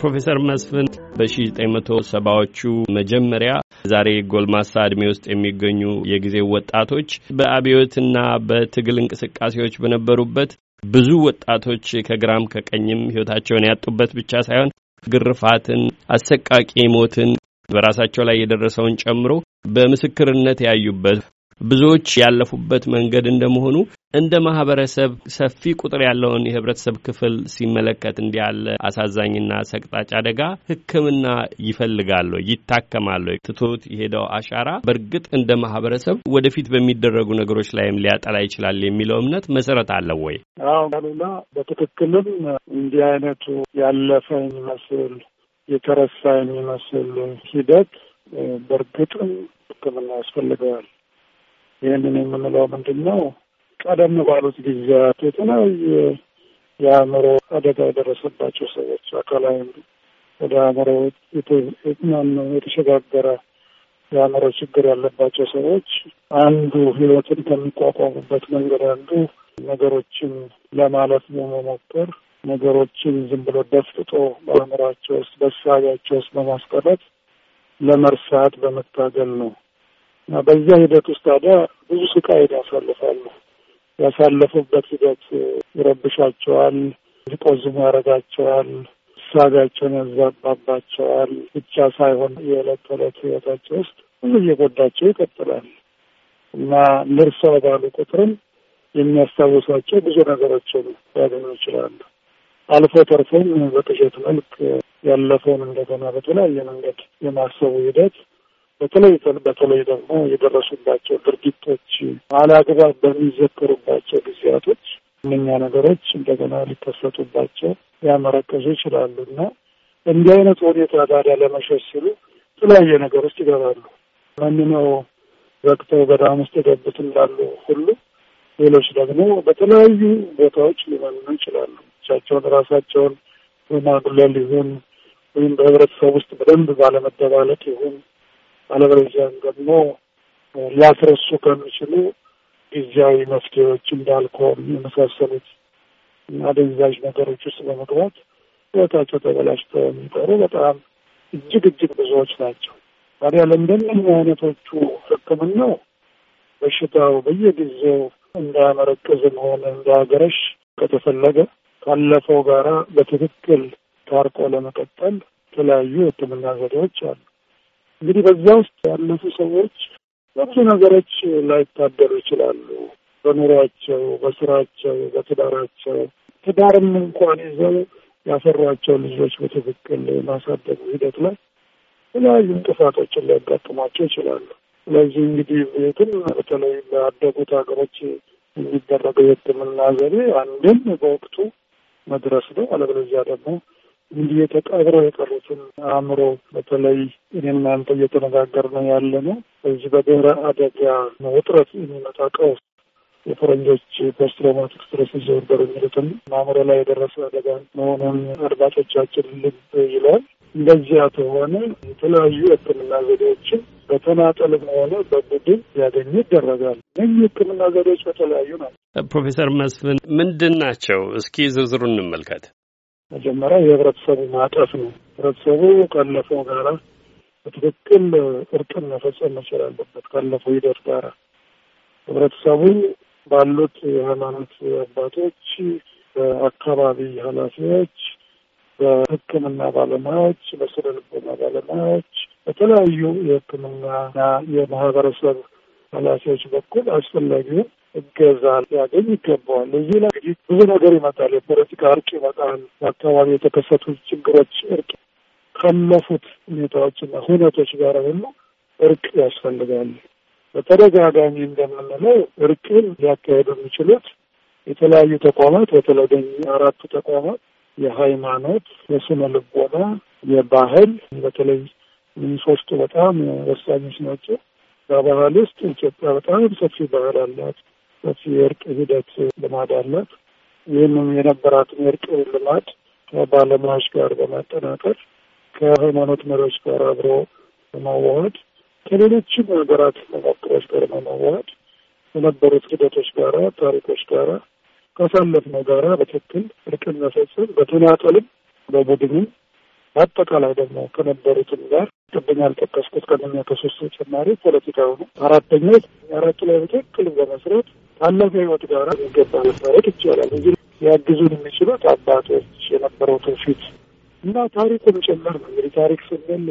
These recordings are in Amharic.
ፕሮፌሰር መስፍን በ1970ዎቹ መጀመሪያ ዛሬ ጎልማሳ እድሜ ውስጥ የሚገኙ የጊዜ ወጣቶች በአብዮትና በትግል እንቅስቃሴዎች በነበሩበት ብዙ ወጣቶች ከግራም ከቀኝም ህይወታቸውን ያጡበት ብቻ ሳይሆን ግርፋትን፣ አሰቃቂ ሞትን በራሳቸው ላይ የደረሰውን ጨምሮ በምስክርነት ያዩበት ብዙዎች ያለፉበት መንገድ እንደመሆኑ እንደ ማህበረሰብ ሰፊ ቁጥር ያለውን የህብረተሰብ ክፍል ሲመለከት እንዲህ ያለ አሳዛኝና ሰቅጣጭ አደጋ ሕክምና ይፈልጋሉ፣ ይታከማሉ። ትቶት የሄደው አሻራ በእርግጥ እንደ ማህበረሰብ ወደፊት በሚደረጉ ነገሮች ላይም ሊያጠላ ይችላል የሚለው እምነት መሰረት አለው ወይ? አዎ በትክክልም እንዲህ አይነቱ ያለፈ የሚመስል የተረሳ የሚመስል ሂደት በእርግጥም ሕክምና ያስፈልገዋል። ይህንን የምንለው ምንድን ነው? ቀደም ባሉት ጊዜያት የተለያየ የአእምሮ አደጋ የደረሰባቸው ሰዎች አካላዊ ወደ አእምሮ ነው የተሸጋገረ የአእምሮ ችግር ያለባቸው ሰዎች አንዱ ህይወትን ከሚቋቋሙበት መንገድ አንዱ ነገሮችን ለማለፍ በመሞከር ነገሮችን ዝም ብሎ ደፍጥጦ በአእምሯቸው ውስጥ በሳቢያቸው ውስጥ በማስቀረት ለመርሳት በመታገል ነው። በዚያ ሂደት ውስጥ ታዲያ ብዙ ስቃይን ያሳልፋሉ። ያሳለፉበት ሂደት ይረብሻቸዋል፣ እንዲቆዝሙ ያደርጋቸዋል፣ እሳቢያቸውን ያዛባባቸዋል። ብቻ ሳይሆን የዕለት ተዕለት ህይወታቸው ውስጥ ብዙ እየጎዳቸው ይቀጥላል እና ንርሳው ባሉ ቁጥርም የሚያስታውሷቸው ብዙ ነገሮችን ሊያገኙ ይችላሉ። አልፎ ተርፎም በቅዠት መልክ ያለፈውን እንደገና በተለያየ መንገድ የማሰቡ ሂደት በተለይ በተለይ ደግሞ የደረሱባቸው ድርጊቶች አላግባብ በሚዘከሩባቸው ጊዜያቶች እነኛ ነገሮች እንደገና ሊከሰቱባቸው ያመረከዙ ይችላሉ እና እንዲህ አይነት ሁኔታ ታዲያ ለመሸሽ ሲሉ የተለያየ ነገር ውስጥ ይገባሉ። መንነው ረግተው ገዳም ውስጥ የገቡት እንዳሉ ሁሉ ሌሎች ደግሞ በተለያዩ ቦታዎች ሊመኑ ይችላሉ። ብቻቸውን ራሳቸውን በማግለል ይሁን ወይም በህብረተሰብ ውስጥ በደንብ ባለመደባለቅ ይሁን አለበለዚያም ደግሞ ሊያስረሱ ከሚችሉ ጊዜያዊ መፍትሄዎች እንዳልኮል የመሳሰሉት አደንዛዥ ነገሮች ውስጥ በመግባት ህይወታቸው ተበላሽተው የሚቀሩ በጣም እጅግ እጅግ ብዙዎች ናቸው። ታዲያ ለእንደነኛ አይነቶቹ ህክምናው በሽታው በየጊዜው እንዳያመረቅዝም ሆነ እንዳያገረሽ ከተፈለገ ካለፈው ጋራ በትክክል ታርቆ ለመቀጠል የተለያዩ ህክምና ዘዴዎች አሉ። እንግዲህ በዛ ውስጥ ያለፉ ሰዎች በብዙ ነገሮች ላይታደሉ ይችላሉ። በኑሯቸው፣ በስራቸው፣ በትዳራቸው ትዳርም እንኳን ይዘው ያፈሯቸው ልጆች በትክክል ማሳደጉ ሂደት ላይ የተለያዩ እንቅፋቶችን ሊያጋጥሟቸው ይችላሉ። ስለዚህ እንግዲህ ቤትም በተለይ በአደጉት ሀገሮች የሚደረገው የሕክምና ዘዴ አንድም በወቅቱ መድረስ ነው፣ አለበለዚያ ደግሞ እንዲህ ተቃብረው የቀሩትን አእምሮ በተለይ እኔ እናንተ እየተነጋገርን ነው ያለ ነው። በዚህ በድህረ አደጋ ውጥረት የሚመጣ ቀውስ የፈረንጆች ፖስትሮማቲክ ስትረስ ዲስኦርደር የሚሉትን አእምሮ ላይ የደረሰ አደጋ መሆኑን አድማጮቻችን ልብ ይላል። እንደዚያ ከሆነ የተለያዩ ህክምና ዘዴዎችን በተናጠልም ሆነ በቡድን ያገኙ ይደረጋል። እነዚህ ህክምና ዘዴዎች በተለያዩ ናቸው። ፕሮፌሰር መስፍን ምንድን ናቸው? እስኪ ዝርዝሩ እንመልከት። መጀመሪያ የህብረተሰቡ ማጠፍ ነው። ህብረተሰቡ ካለፈው ጋራ በትክክል እርቅን መፈጸም መቻል አለበት። ካለፈው ሂደት ጋራ ህብረተሰቡ ባሉት የሃይማኖት አባቶች፣ በአካባቢ ኃላፊዎች፣ በህክምና ባለሙያዎች፣ በስነ ልቦና ባለሙያዎች፣ በተለያዩ የህክምናና የማህበረሰብ ኃላፊዎች በኩል አስፈላጊውን እገዛ ሊያገኝ ይገባዋል። እዚህ ላይ እንግዲህ ብዙ ነገር ይመጣል። የፖለቲካ እርቅ ይመጣል። በአካባቢ የተከሰቱ ችግሮች እርቅ ካለፉት ሁኔታዎችና ሁነቶች ጋር ሁሉ እርቅ ያስፈልጋል። በተደጋጋሚ እንደምንለው እርቅን ሊያካሄዱ የሚችሉት የተለያዩ ተቋማት በተለይ አራቱ ተቋማት የሃይማኖት፣ የስነ ልቦና፣ የባህል በተለይ ሶስቱ በጣም ወሳኞች ናቸው። በባህል ውስጥ ኢትዮጵያ በጣም ሰፊ ባህል አላት። ሰፊ የእርቅ ሂደት ልማድ አላት። ይህንም የነበራትን የእርቅ ልማድ ከባለሙያዎች ጋር በማጠናቀር ከሃይማኖት መሪዎች ጋር አብሮ በማዋሃድ ከሌሎችም ሀገራት መሞክሮች ጋር በማዋሃድ የነበሩት ሂደቶች ጋራ ታሪኮች ጋራ ካሳለፍነው ጋራ በትክክል እርቅን መፈጸም በተናጠልም በቡድንም በአጠቃላይ ደግሞ ከነበሩትም ጋር ቅድም ያልጠቀስኩት ከነኛ ከሶስት ተጨማሪ ፖለቲካዊ ነው። አራተኛው አራቱ ላይ በትክክል በመስራት አለፈ ህይወት ጋር የሚገባ መስማረት ይቻላል እንጂ ሊያግዙን የሚችሉት አባቶች የነበረው ትውፊት እና ታሪኩም ጭምር ነው። እንግዲህ ታሪክ ስንል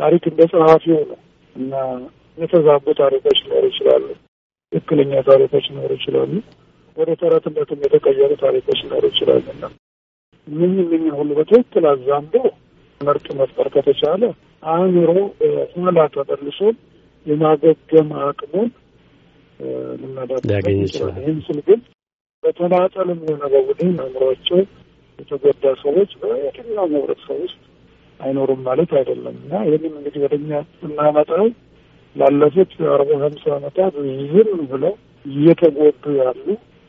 ታሪክ እንደ ጸሐፊው ነው እና የተዛቡ ታሪኮች ሊኖሩ ይችላሉ። ትክክለኛ ታሪኮች ሊኖሩ ይችላሉ። ወደ ተረትነትም የተቀየሩ ታሪኮች ሊኖሩ ይችላሉ እና ምን ምን ሁሉ በትክክል አዛምዶ ምርጥ መፍጠር ከተቻለ አእምሮ ኋላ ተመልሶን የማገገም አቅሙን ልናዳያገኝ ይችላል። ይህም ስል ግን በተናጠል የሚሆነ በቡድን አእምሯቸው የተጎዳ ሰዎች በየትኛው ህብረተሰብ ውስጥ አይኖሩም ማለት አይደለም እና ይህንም እንግዲህ ወደኛ ስናመጣው ላለፉት አርባ ሀምሳ ዓመታት ዝም ብለው እየተጎዱ ያሉ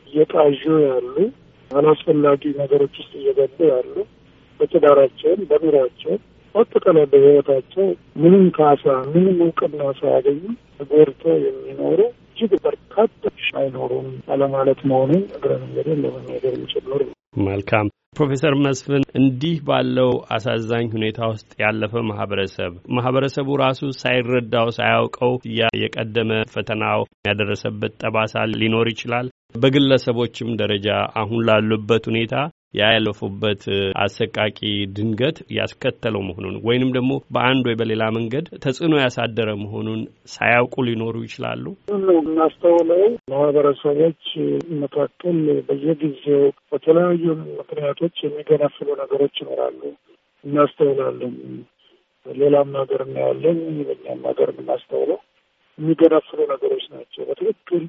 እየጣዡ ያሉ አላስፈላጊ ነገሮች ውስጥ እየገቡ ያሉ በትዳራቸውን በኑሯቸውን አጠቃላይ በህይወታቸው ምንም ካሳ ምንም እውቅና ሳያገኙ ተጎድተው የሚኖሩ እጅግ በርካቶች አይኖሩም አለማለት መሆኑን እግረ መንገድ ለመናገር የሚችል መልካም ፕሮፌሰር መስፍን እንዲህ ባለው አሳዛኝ ሁኔታ ውስጥ ያለፈ ማህበረሰብ ማህበረሰቡ ራሱ ሳይረዳው ሳያውቀው የቀደመ ፈተናው ያደረሰበት ጠባሳ ሊኖር ይችላል። በግለሰቦችም ደረጃ አሁን ላሉበት ሁኔታ ያ ያለፉበት አሰቃቂ ድንገት ያስከተለው መሆኑን ወይንም ደግሞ በአንድ ወይ በሌላ መንገድ ተጽዕኖ ያሳደረ መሆኑን ሳያውቁ ሊኖሩ ይችላሉ። ሁሉ የምናስተውለው ማህበረሰቦች መካከል በየጊዜው በተለያዩ ምክንያቶች የሚገነፍሉ ነገሮች ይኖራሉ፣ እናስተውላለን። ሌላም ሀገር እናያለን፣ በኛም ሀገር የምናስተውለው የሚገነፍሉ ነገሮች ናቸው። በትክክል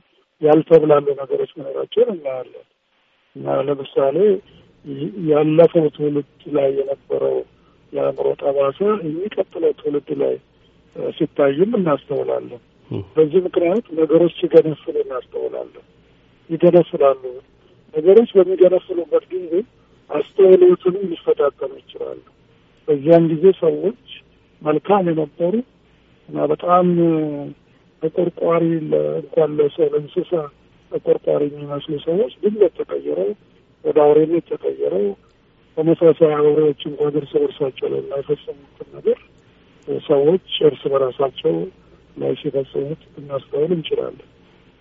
ያልተብላሉ ነገሮች መኖራቸውን እናያለን እና ለምሳሌ ያለፈው ትውልድ ላይ የነበረው የአእምሮ ጠባሳ የሚቀጥለው ትውልድ ላይ ሲታይም እናስተውላለን። በዚህ ምክንያት ነገሮች ሲገነፍሉ እናስተውላለን። ይገነፍላሉ። ነገሮች በሚገነፍሉበት ጊዜ አስተውሎቱንም ሊፈታተኑ ይችላሉ። በዚያን ጊዜ ሰዎች መልካም የነበሩ እና በጣም ተቆርቋሪ እንኳን ለሰው ለእንስሳ ተቆርቋሪ የሚመስሉ ሰዎች ድንገት ተቀይረው ወደ አውሬነት ተቀየረው። ተመሳሳይ አውሬዎች እንኳን እርስ በርሳቸው ላይ የማይፈጽሙትን ነገር ሰዎች እርስ በራሳቸው ላይ ሲፈጽሙት እናስተውል እንችላለን።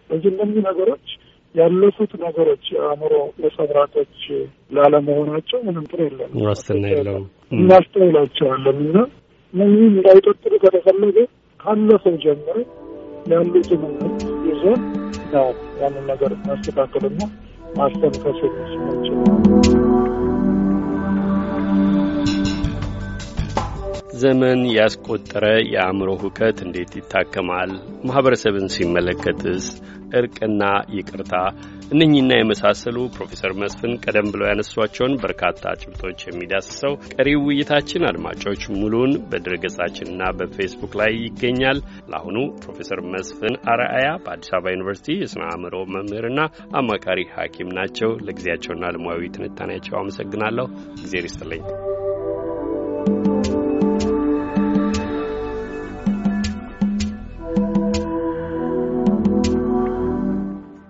በዚህ እነዚህ ነገሮች ያለፉት ነገሮች የአእምሮ ነጸብራቆች ላለመሆናቸው ምንም እንትን የለም፣ ዋስትና የለውም። እናስተውላቸዋለን እና እነዚህ እንዳይቀጥሉ ከተፈለገ ካለፈው ጀምሮ ያሉትን ይዘን ያንን ነገር ማስተካከልና Mars'ta birkaç ödülsün. Şey ዘመን ያስቆጠረ የአእምሮ ሁከት እንዴት ይታከማል? ማኅበረሰብን ሲመለከትስ እርቅና ይቅርታ እነኚህና የመሳሰሉ ፕሮፌሰር መስፍን ቀደም ብለው ያነሷቸውን በርካታ ጭብጦች የሚዳስሰው ቀሪው ውይይታችን አድማጮች ሙሉን በድረገጻችንና በፌስቡክ ላይ ይገኛል። ለአሁኑ ፕሮፌሰር መስፍን አርአያ በአዲስ አበባ ዩኒቨርሲቲ የሥነ አእምሮ መምህርና አማካሪ ሐኪም ናቸው። ለጊዜያቸውና ልሙያዊ ትንታኔያቸው አመሰግናለሁ። እግዜር ይስጥልኝ።